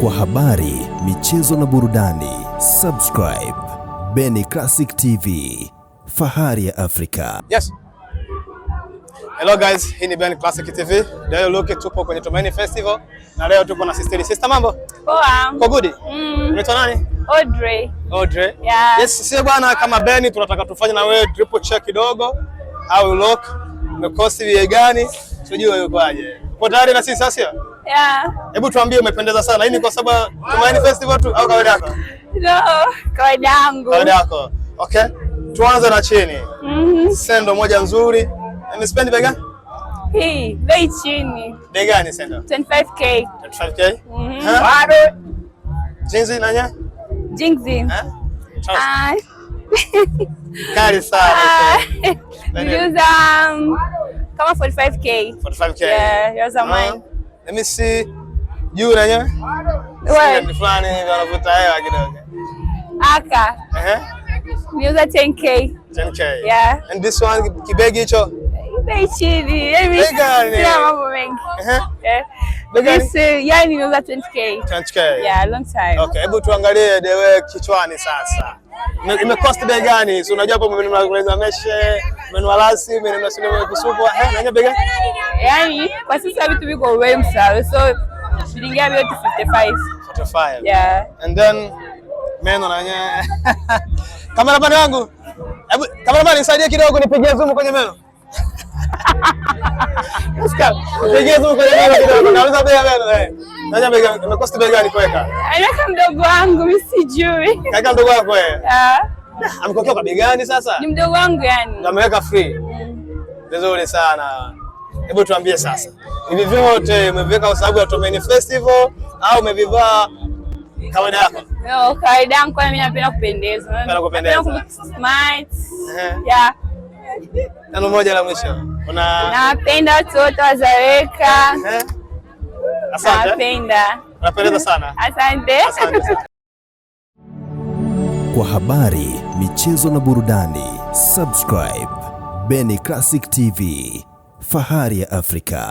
kwa habari, michezo na burudani. Subscribe Beni Classic TV, fahari ya Afrika. Yes. Hello guys, hii ni Beni Classic TV. Leo look tupo kwenye Tumaini Festival na leo tupo na sister. Sister mambo? Poa. Kwa good? Mm. Unaitwa nani? Audrey. Audrey. Yeah. Yes, sisi bwana kama Beni tunataka tufanye na wewe drip check kidogo. How you look? Umekosi vile gani? Tujue yuko aje. Uko tayari na sisi sasa? Hebu yeah, tuambie umependeza sana. Hii ni kwa sababu Tumaini Festival tu au kawaida yako? No, kawaida yangu. Kawaida yako. Okay. Tuanze na chini. Mhm. Mm Sendo moja nzuri. Ni spend bei gani? Hii, bei chini. Bei gani sendo? 25k. 25k? Mhm. Mm Bado. Jinzi nanya? Jinzi. Eh? Ah. Kali sana. Ah. Niuza um, kama 45k. 45k. Yeah, yoza mine. MC juu na nyewe. Wewe ni fulani hivi anavuta hewa kidogo. Aka. Eh eh. Niuza 10k. 10k. Yeah. And this one kibegi hicho. Bei chini. Yaani sina mambo mengi. Eh eh. yani 20k. 20k. Yeah, long time. Okay, hebu tuangalie Dewe kichwani sasa imekosti bei gani? Si unajua hapo mmenunua kuleza meshe, mmenunua lasi, mmenunua sile mwa kusubu. Eh, nanya bei gani? Yaani kwa sasa vitu viko bei sawa. So shilingi yao yote 55. 55. Yeah. And then meno na nyenye. Kamera pande yangu. Hebu kamera nisaidie kidogo nipigie zoom kwenye meno. Usikaa. Nipigie zoom kwenye meno kidogo. Nauliza bei ya meno eh. Imekosa bei gani kuweka? Aliweka mdogo wangu, mimi sijui. Kaika mdogo wako wewe? Ah. Amekokea kwa bei gani sasa? Ni mdogo wangu yani. Ndio ameweka free. Vizuri sana. Hebu tuambie sasa. Hivi vyote umeviweka kwa sababu ya Tumaini Festival au umevivaa kawaida yako? No, kawaida yangu kwa mimi napenda kupendeza. Napenda kupendeza. Smart. Yeah. Neno moja la mwisho. Una Napenda watu wote wazaweka. Napenda. sana. Asante. Asante Kwa habari, michezo na burudani, subscribe Beni Classic TV. Fahari ya Afrika.